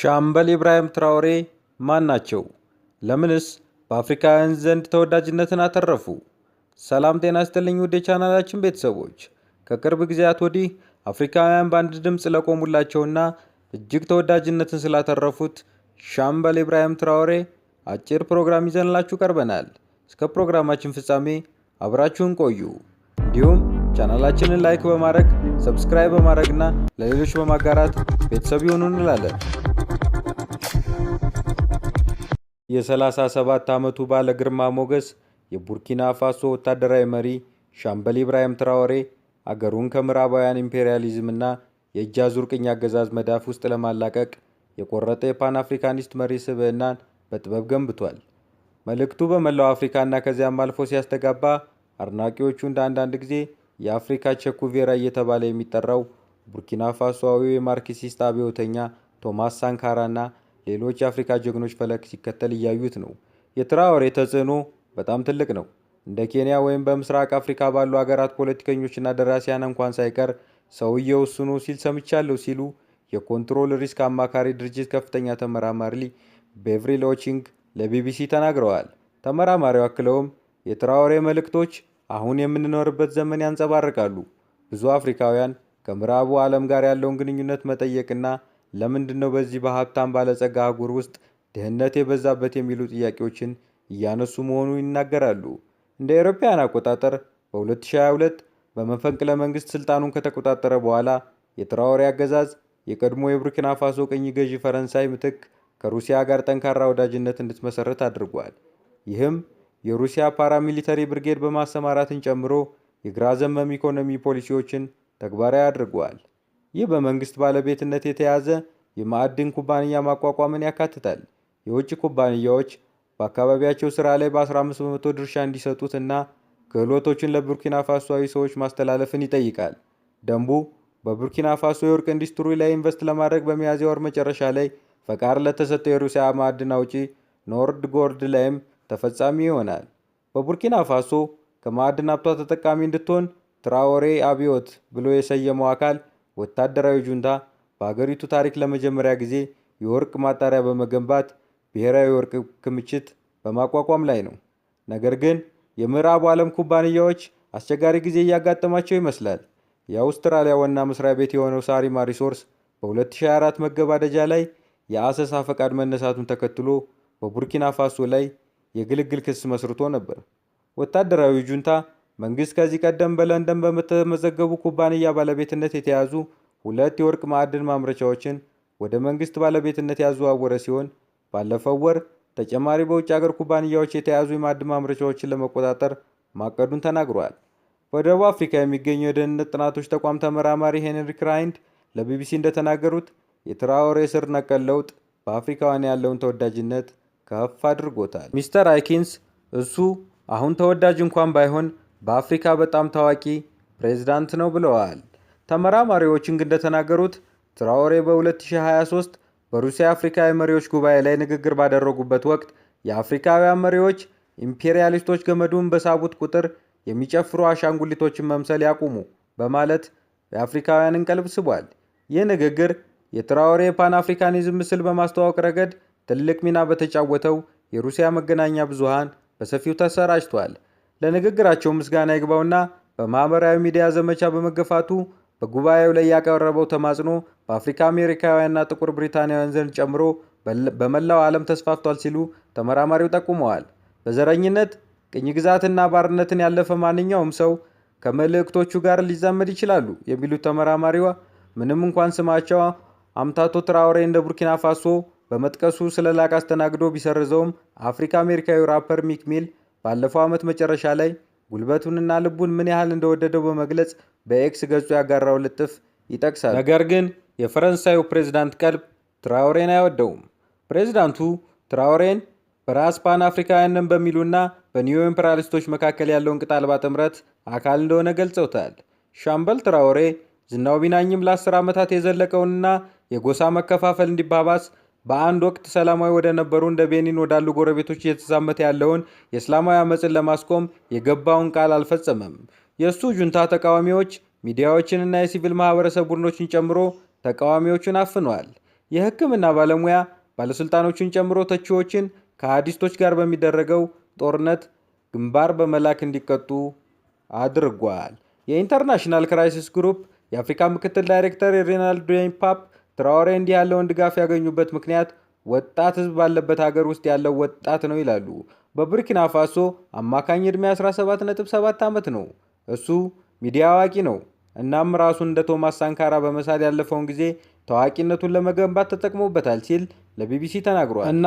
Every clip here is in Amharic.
ሻምበል ኢብራሂም ትራውሬ ማን ናቸው? ለምንስ በአፍሪካውያን ዘንድ ተወዳጅነትን አተረፉ? ሰላም ጤና ይስጥልኝ ውድ የቻናላችን ቤተሰቦች፣ ከቅርብ ጊዜያት ወዲህ አፍሪካውያን በአንድ ድምፅ ለቆሙላቸውና እጅግ ተወዳጅነትን ስላተረፉት ሻምበል ኢብራሂም ትራውሬ አጭር ፕሮግራም ይዘንላችሁ ቀርበናል። እስከ ፕሮግራማችን ፍጻሜ አብራችሁን ቆዩ። እንዲሁም ቻናላችንን ላይክ በማድረግ ሰብስክራይብ በማድረግና ለሌሎች በማጋራት ቤተሰብ ይሆኑ እንላለን። የ37 ዓመቱ ባለ ግርማ ሞገስ የቡርኪና ፋሶ ወታደራዊ መሪ ሻምበል ኢብራሂም ትራወሬ፣ አገሩን ከምዕራባውያን ኢምፔሪያሊዝምና የእጅ አዙር ቅኝ አገዛዝ መዳፍ ውስጥ ለማላቀቅ የቆረጠ የፓን አፍሪካኒስት መሪ ስብዕናን በጥበብ ገንብቷል። መልእክቱ በመላው አፍሪካና ከዚያም አልፎ ሲያስተጋባ አድናቂዎቹ እንደ አንዳንድ ጊዜ የአፍሪካ ቬራ እየተባለ የሚጠራው ቡርኪና ፋሶዊው የማርክሲስት አብዮተኛ ቶማስ ሳንካራና ሌሎች የአፍሪካ ጀግኖች ፈለግ ሲከተል እያዩት ነው። የትራኦሬ ተጽዕኖ በጣም ትልቅ ነው። እንደ ኬንያ ወይም በምስራቅ አፍሪካ ባሉ አገራት ፖለቲከኞችና ደራሲያን እንኳን ሳይቀር ሰውየው እሱ ነው ሲል ሰምቻለሁ ሲሉ የኮንትሮል ሪስክ አማካሪ ድርጅት ከፍተኛ ተመራማሪ ቤቭሪ ሎቺንግ ለቢቢሲ ተናግረዋል። ተመራማሪው አክለውም የትራኦሬ መልእክቶች አሁን የምንኖርበት ዘመን ያንጸባርቃሉ። ብዙ አፍሪካውያን ከምዕራቡ ዓለም ጋር ያለውን ግንኙነት መጠየቅና ለምንድነው በዚህ በሀብታም ባለጸጋ አህጉር ውስጥ ድህነት የበዛበት የሚሉ ጥያቄዎችን እያነሱ መሆኑ ይናገራሉ። እንደ አውሮፓውያን አቆጣጠር በ2022 በመፈንቅለ መንግስት ስልጣኑን ከተቆጣጠረ በኋላ የትራወሬ አገዛዝ የቀድሞ የቡርኪና ፋሶ ቅኝ ገዢ ፈረንሳይ ምትክ ከሩሲያ ጋር ጠንካራ ወዳጅነት እንድትመሰረት አድርጓል። ይህም የሩሲያ ፓራሚሊተሪ ብርጌድ በማሰማራትን ጨምሮ የግራ ዘመም ኢኮኖሚ ፖሊሲዎችን ተግባራዊ አድርጓል። ይህ በመንግስት ባለቤትነት የተያዘ የማዕድን ኩባንያ ማቋቋምን ያካትታል። የውጭ ኩባንያዎች በአካባቢያቸው ስራ ላይ በ15 በመቶ ድርሻ እንዲሰጡት እና ክህሎቶችን ለቡርኪና ፋሶዊ ሰዎች ማስተላለፍን ይጠይቃል። ደንቡ በቡርኪና ፋሶ የወርቅ ኢንዱስትሪ ላይ ኢንቨስት ለማድረግ በሚያዝያ ወር መጨረሻ ላይ ፈቃድ ለተሰጠው የሩሲያ ማዕድን አውጪ ኖርድ ጎርድ ላይም ተፈጻሚ ይሆናል። በቡርኪና ፋሶ ከማዕድን ሀብቷ ተጠቃሚ እንድትሆን ትራወሬ አብዮት ብሎ የሰየመው አካል ወታደራዊ ጁንታ በአገሪቱ ታሪክ ለመጀመሪያ ጊዜ የወርቅ ማጣሪያ በመገንባት ብሔራዊ የወርቅ ክምችት በማቋቋም ላይ ነው። ነገር ግን የምዕራቡ ዓለም ኩባንያዎች አስቸጋሪ ጊዜ እያጋጠማቸው ይመስላል። የአውስትራሊያ ዋና መስሪያ ቤት የሆነው ሳሪማ ሪሶርስ በ2024 መገባደጃ ላይ የአሰሳ ፈቃድ መነሳቱን ተከትሎ በቡርኪና ፋሶ ላይ የግልግል ክስ መስርቶ ነበር። ወታደራዊ ጁንታ መንግስት ከዚህ ቀደም በለንደን በተመዘገቡ ኩባንያ ባለቤትነት የተያዙ ሁለት የወርቅ ማዕድን ማምረቻዎችን ወደ መንግስት ባለቤትነት ያዘዋወረ ሲሆን ባለፈው ወር ተጨማሪ በውጭ ሀገር ኩባንያዎች የተያዙ የማዕድን ማምረቻዎችን ለመቆጣጠር ማቀዱን ተናግሯል። በደቡብ አፍሪካ የሚገኙ የደህንነት ጥናቶች ተቋም ተመራማሪ ሄንሪ ክራይንድ ለቢቢሲ እንደተናገሩት የትራኦሬ ስር ነቀል ለውጥ በአፍሪካውያን ያለውን ተወዳጅነት ከፍ አድርጎታል። ሚስተር አይኪንስ እሱ አሁን ተወዳጅ እንኳን ባይሆን በአፍሪካ በጣም ታዋቂ ፕሬዝዳንት ነው ብለዋል። ተመራማሪዎች እንግ እንደተናገሩት ትራኦሬ በ2023 በሩሲያ አፍሪካ የመሪዎች ጉባኤ ላይ ንግግር ባደረጉበት ወቅት የአፍሪካውያን መሪዎች ኢምፔሪያሊስቶች ገመዱን በሳቡት ቁጥር የሚጨፍሩ አሻንጉሊቶችን መምሰል ያቁሙ በማለት የአፍሪካውያንን ቀልብ ስቧል። ይህ ንግግር የትራኦሬ የፓን አፍሪካኒዝም ምስል በማስተዋወቅ ረገድ ትልቅ ሚና በተጫወተው የሩሲያ መገናኛ ብዙሃን በሰፊው ተሰራጭቷል። ለንግግራቸው ምስጋና ይግባውና በማኅበራዊ ሚዲያ ዘመቻ በመገፋቱ በጉባኤው ላይ ያቀረበው ተማጽኖ በአፍሪካ አሜሪካውያንና ጥቁር ብሪታንያውያን ዘንድ ጨምሮ በመላው ዓለም ተስፋፍቷል ሲሉ ተመራማሪው ጠቁመዋል። በዘረኝነት ቅኝ ግዛትና ባርነትን ያለፈ ማንኛውም ሰው ከመልእክቶቹ ጋር ሊዛመድ ይችላሉ የሚሉት ተመራማሪዋ ምንም እንኳን ስማቸው አምታቶ ትራውሬ እንደ ቡርኪና ፋሶ በመጥቀሱ ስለ ላቅ አስተናግዶ ቢሰርዘውም አፍሪካ አሜሪካዊ ራፐር ሚክ ሚል ባለፈው ዓመት መጨረሻ ላይ ጉልበቱንና ልቡን ምን ያህል እንደወደደው በመግለጽ በኤክስ ገጹ ያጋራው ልጥፍ ይጠቅሳል። ነገር ግን የፈረንሳዩ ፕሬዝዳንት ቀልብ ትራውሬን አይወደውም። ፕሬዝዳንቱ ትራውሬን በራስ ፓን አፍሪካውያንን በሚሉና በኒዮ ኢምፐራሊስቶች መካከል ያለውን ቅጥ አልባ ጥምረት አካል እንደሆነ ገልጸውታል። ሻምበል ትራውሬ ዝናው ቢናኝም ለአስር ዓመታት የዘለቀውንና የጎሳ መከፋፈል እንዲባባስ በአንድ ወቅት ሰላማዊ ወደ ነበሩ እንደ ቤኒን ወዳሉ ጎረቤቶች እየተዛመተ ያለውን የእስላማዊ አመፅን ለማስቆም የገባውን ቃል አልፈጸመም። የእሱ ጁንታ ተቃዋሚዎች ሚዲያዎችንና የሲቪል ማህበረሰብ ቡድኖችን ጨምሮ ተቃዋሚዎቹን አፍነዋል። የሕክምና ባለሙያ ባለስልጣኖችን ጨምሮ ተቺዎችን ከአዲስቶች ጋር በሚደረገው ጦርነት ግንባር በመላክ እንዲቀጡ አድርጓል። የኢንተርናሽናል ክራይሲስ ግሩፕ የአፍሪካ ምክትል ዳይሬክተር የሬናልድ ዴንፓፕ ትራኦሬ እንዲህ ያለውን ድጋፍ ያገኙበት ምክንያት ወጣት ህዝብ ባለበት ሀገር ውስጥ ያለው ወጣት ነው ይላሉ። በቡርኪና ፋሶ አማካኝ ዕድሜ 17.7 ዓመት ነው። እሱ ሚዲያ አዋቂ ነው። እናም ራሱን እንደ ቶማስ ሳንካራ በመሳል ያለፈውን ጊዜ ታዋቂነቱን ለመገንባት ተጠቅሞበታል ሲል ለቢቢሲ ተናግሯል። እና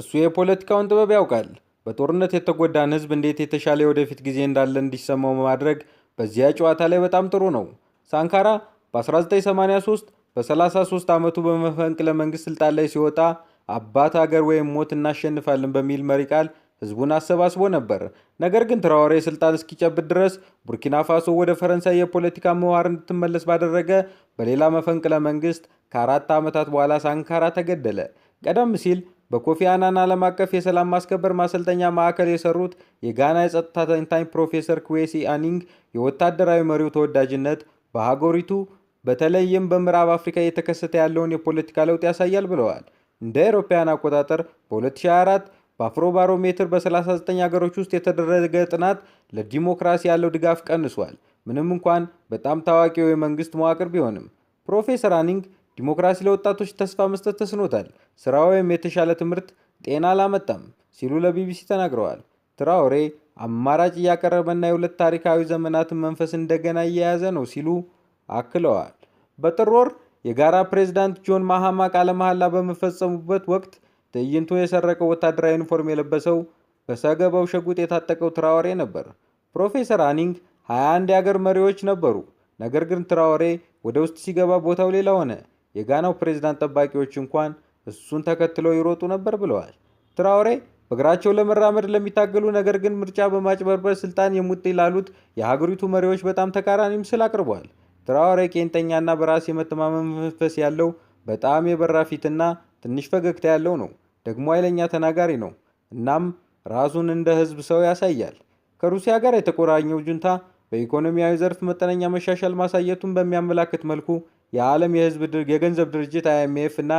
እሱ የፖለቲካውን ጥበብ ያውቃል። በጦርነት የተጎዳን ህዝብ እንዴት የተሻለ የወደፊት ጊዜ እንዳለ እንዲሰማው በማድረግ በዚያ ጨዋታ ላይ በጣም ጥሩ ነው። ሳንካራ በ1983 በ33 ዓመቱ በመፈንቅለ መንግስት ስልጣን ላይ ሲወጣ አባት አገር ወይም ሞት እናሸንፋለን በሚል መሪ ቃል ህዝቡን አሰባስቦ ነበር። ነገር ግን ትራዋሬ ስልጣን እስኪጨብጥ ድረስ ቡርኪና ፋሶ ወደ ፈረንሳይ የፖለቲካ ምህዋር እንድትመለስ ባደረገ በሌላ መፈንቅለ መንግስት ከአራት ዓመታት በኋላ ሳንካራ ተገደለ። ቀደም ሲል በኮፊ አናን ዓለም አቀፍ የሰላም ማስከበር ማሰልጠኛ ማዕከል የሰሩት የጋና የጸጥታ ተንታኝ ፕሮፌሰር ክዌሲ አኒንግ የወታደራዊ መሪው ተወዳጅነት በሀገሪቱ በተለይም በምዕራብ አፍሪካ እየተከሰተ ያለውን የፖለቲካ ለውጥ ያሳያል ብለዋል። እንደ አውሮፓውያን አቆጣጠር በ2024 በአፍሮ ባሮሜትር በ39 ሀገሮች ውስጥ የተደረገ ጥናት ለዲሞክራሲ ያለው ድጋፍ ቀንሷል፣ ምንም እንኳን በጣም ታዋቂው የመንግስት መዋቅር ቢሆንም። ፕሮፌሰር አኒንግ ዲሞክራሲ ለወጣቶች ተስፋ መስጠት ተስኖታል፣ ስራ ወይም የተሻለ ትምህርት፣ ጤና አላመጣም ሲሉ ለቢቢሲ ተናግረዋል። ትራውሬ አማራጭ እያቀረበና የሁለት ታሪካዊ ዘመናትን መንፈስ እንደገና እየያዘ ነው ሲሉ አክለዋል። በጥር ወር የጋራ ፕሬዝዳንት ጆን ማሃማ ቃለ መሐላ በሚፈጸሙበት ወቅት ትዕይንቱ የሰረቀው ወታደራዊ ዩኒፎርም የለበሰው በሰገባው ሸጉጥ የታጠቀው ትራወሬ ነበር። ፕሮፌሰር አኒንግ 21 የአገር መሪዎች ነበሩ። ነገር ግን ትራወሬ ወደ ውስጥ ሲገባ ቦታው ሌላ ሆነ። የጋናው ፕሬዝዳንት ጠባቂዎች እንኳን እሱን ተከትለው ይሮጡ ነበር ብለዋል። ትራወሬ በእግራቸው ለመራመድ ለሚታገሉ ነገር ግን ምርጫ በማጭበርበር ስልጣን የሙጥ ላሉት የሀገሪቱ መሪዎች በጣም ተቃራኒ ምስል አቅርቧል። ትራወሬ ቄንጠኛና በራስ የመተማመን መንፈስ ያለው በጣም የበራ ፊትና ትንሽ ፈገግታ ያለው ነው። ደግሞ ኃይለኛ ተናጋሪ ነው። እናም ራሱን እንደ ህዝብ ሰው ያሳያል። ከሩሲያ ጋር የተቆራኘው ጁንታ በኢኮኖሚያዊ ዘርፍ መጠነኛ መሻሻል ማሳየቱን በሚያመላክት መልኩ የዓለም የህዝብ የገንዘብ ድርጅት አይኤምኤፍ እና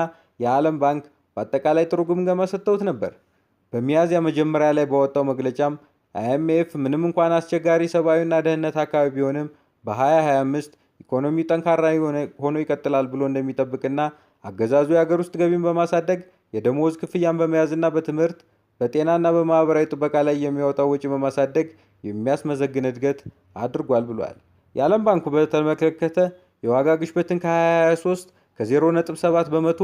የዓለም ባንክ በአጠቃላይ ጥሩ ግምገማ ሰጥተውት ነበር። በሚያዝያ መጀመሪያ ላይ በወጣው መግለጫም አይኤምኤፍ ምንም እንኳን አስቸጋሪ ሰብአዊና ደህንነት አካባቢ ቢሆንም በ2025 ኢኮኖሚው ጠንካራ ሆኖ ይቀጥላል ብሎ እንደሚጠብቅና አገዛዙ የሀገር ውስጥ ገቢን በማሳደግ የደሞዝ ክፍያን በመያዝና በትምህርት በጤናና በማህበራዊ ጥበቃ ላይ የሚያወጣው ወጪ በማሳደግ የሚያስመዘግን እድገት አድርጓል ብሏል። የዓለም ባንኩ በተመለከተ የዋጋ ግሽበትን ከ2023 ከ0.7 በመቶ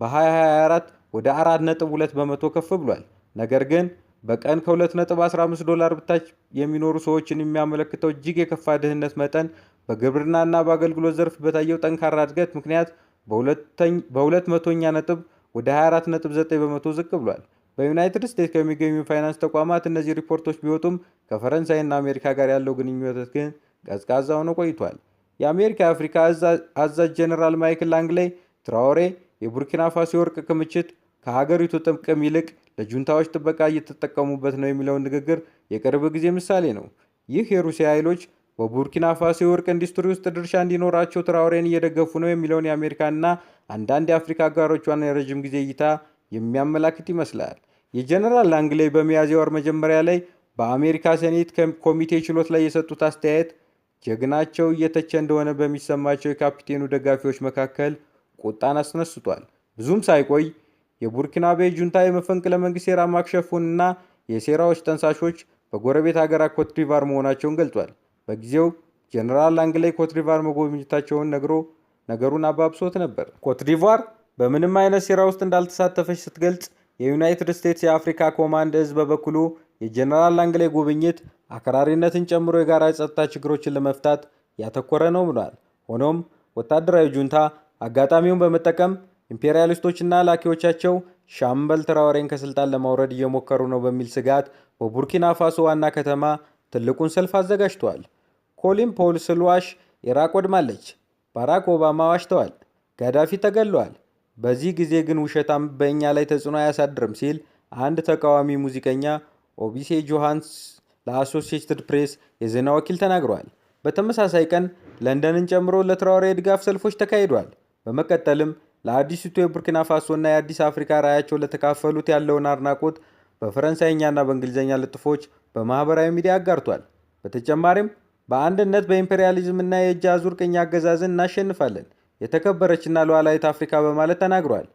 በ2024 ወደ 4.2 በመቶ ከፍ ብሏል። ነገር ግን በቀን ከ2.15 ዶላር በታች የሚኖሩ ሰዎችን የሚያመለክተው እጅግ የከፋ ድህነት መጠን በግብርናና በአገልግሎት ዘርፍ በታየው ጠንካራ እድገት ምክንያት በሁለት መቶኛ ነጥብ ወደ 24.9 በመቶ ዝቅ ብሏል። በዩናይትድ ስቴትስ ከሚገኙ ፋይናንስ ተቋማት እነዚህ ሪፖርቶች ቢወጡም ከፈረንሳይና አሜሪካ ጋር ያለው ግንኙነት ግን ቀዝቃዛ ሆኖ ቆይቷል። የአሜሪካ የአፍሪካ አዛዥ ጀኔራል ማይክል ላንግሌ ትራወሬ የቡርኪና ፋሶ ወርቅ ክምችት ከሀገሪቱ ጥቅም ይልቅ ለጁንታዎች ጥበቃ እየተጠቀሙበት ነው የሚለውን ንግግር የቅርብ ጊዜ ምሳሌ ነው። ይህ የሩሲያ ኃይሎች በቡርኪና ፋሶ የወርቅ ኢንዱስትሪ ውስጥ ድርሻ እንዲኖራቸው ትራውሬን እየደገፉ ነው የሚለውን የአሜሪካና አንዳንድ የአፍሪካ አጋሮቿን የረዥም ጊዜ እይታ የሚያመላክት ይመስላል። የጀነራል ላንግሌይ በሚያዝያ ወር መጀመሪያ ላይ በአሜሪካ ሴኔት ኮሚቴ ችሎት ላይ የሰጡት አስተያየት ጀግናቸው እየተቸ እንደሆነ በሚሰማቸው የካፒቴኑ ደጋፊዎች መካከል ቁጣን አስነስቷል። ብዙም ሳይቆይ የቡርኪናቤ ጁንታ የመፈንቅለ መንግስት ሴራ ማክሸፉንና የሴራዎች ጠንሳሾች በጎረቤት ሀገር ኮትዲቫር መሆናቸውን ገልጿል። በጊዜው ጀነራል አንግላይ ኮትዲቫር መጎብኝታቸውን ነግሮ ነገሩን አባብሶት ነበር። ኮትዲቫር በምንም አይነት ሴራ ውስጥ እንዳልተሳተፈች ስትገልጽ፣ የዩናይትድ ስቴትስ የአፍሪካ ኮማንድ እዝ በበኩሉ የጀነራል አንግላይ ጉብኝት አክራሪነትን ጨምሮ የጋራ የጸጥታ ችግሮችን ለመፍታት ያተኮረ ነው ብሏል። ሆኖም ወታደራዊ ጁንታ አጋጣሚውን በመጠቀም ኢምፔሪያሊስቶችና ላኪዎቻቸው ሻምበል ትራወሬን ከስልጣን ለማውረድ እየሞከሩ ነው በሚል ስጋት በቡርኪና ፋሶ ዋና ከተማ ትልቁን ሰልፍ አዘጋጅተዋል። ኮሊን ፖል ስልዋሽ ኢራቅ ወድማለች፣ ባራክ ኦባማ ዋሽተዋል፣ ጋዳፊ ተገለዋል፣ በዚህ ጊዜ ግን ውሸታም በእኛ ላይ ተጽዕኖ አያሳድርም ሲል አንድ ተቃዋሚ ሙዚቀኛ ኦቢሴ ጆሃንስ ለአሶሲየትድ ፕሬስ የዜና ወኪል ተናግረዋል። በተመሳሳይ ቀን ለንደንን ጨምሮ ለትራኦሬ የድጋፍ ሰልፎች ተካሂዷል። በመቀጠልም ለአዲሲቱ የቡርኪና ፋሶ እና የአዲስ አፍሪካ ራዕያቸው ለተካፈሉት ያለውን አድናቆት በፈረንሳይኛና በእንግሊዝኛ ልጥፎች በማኅበራዊ ሚዲያ አጋርቷል። በተጨማሪም በአንድነት በኢምፔሪያሊዝምና የእጅ አዙር ቅኝ አገዛዝን እናሸንፋለን፣ የተከበረችና ሉዓላዊት አፍሪካ በማለት ተናግረዋል።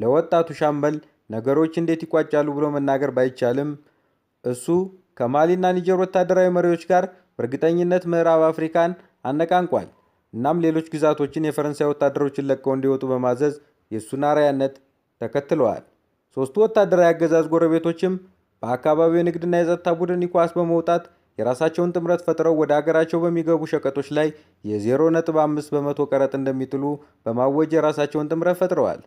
ለወጣቱ ሻምበል ነገሮች እንዴት ይቋጫሉ ብሎ መናገር ባይቻልም እሱ ከማሊና ኒጀር ወታደራዊ መሪዎች ጋር በእርግጠኝነት ምዕራብ አፍሪካን አነቃንቋል። እናም ሌሎች ግዛቶችን የፈረንሳይ ወታደሮችን ለቀው እንዲወጡ በማዘዝ የእሱን አርአያነት ተከትለዋል። ሦስቱ ወታደራዊ አገዛዝ ጎረቤቶችም በአካባቢው የንግድና የጸጥታ ቡድን ኒኳስ በመውጣት የራሳቸውን ጥምረት ፈጥረው ወደ አገራቸው በሚገቡ ሸቀጦች ላይ የ0.5 በመቶ ቀረጥ እንደሚጥሉ በማወጅ የራሳቸውን ጥምረት ፈጥረዋል።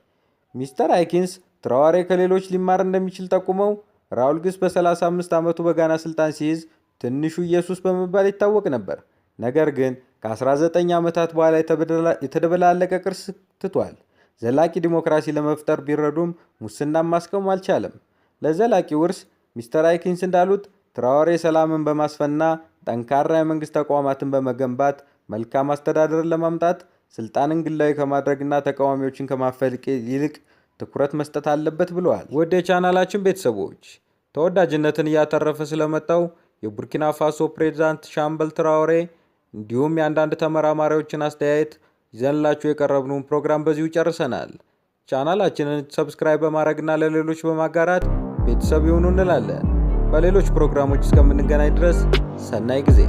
ሚስተር ሃይኪንስ ትራዋሬ ከሌሎች ሊማር እንደሚችል ጠቁመው ራውል ግስ በ35 ዓመቱ በጋና ስልጣን ሲይዝ ትንሹ ኢየሱስ በመባል ይታወቅ ነበር። ነገር ግን ከ19 ዓመታት በኋላ የተደበላለቀ ቅርስ ትቷል። ዘላቂ ዲሞክራሲ ለመፍጠር ቢረዱም ሙስናን ማስቀም አልቻለም። ለዘላቂ ውርስ ሚስተር አይኪንስ እንዳሉት ትራዋሬ ሰላምን በማስፈና ጠንካራ የመንግስት ተቋማትን በመገንባት መልካም አስተዳደርን ለማምጣት ስልጣንን ግላዊ ከማድረግና ተቃዋሚዎችን ከማፈልቅ ይልቅ ትኩረት መስጠት አለበት ብለዋል። ወደ ቻናላችን ቤተሰቦች ተወዳጅነትን እያተረፈ ስለመጣው የቡርኪና ፋሶ ፕሬዚዳንት ሻምበል ትራዋሬ እንዲሁም የአንዳንድ ተመራማሪዎችን አስተያየት ይዘንላችሁ የቀረብነውን ፕሮግራም በዚሁ ጨርሰናል። ቻናላችንን ሰብስክራይብ በማድረግና ለሌሎች በማጋራት ቤተሰብ ይሁኑ እንላለን። በሌሎች ፕሮግራሞች እስከምንገናኝ ድረስ ሰናይ ጊዜ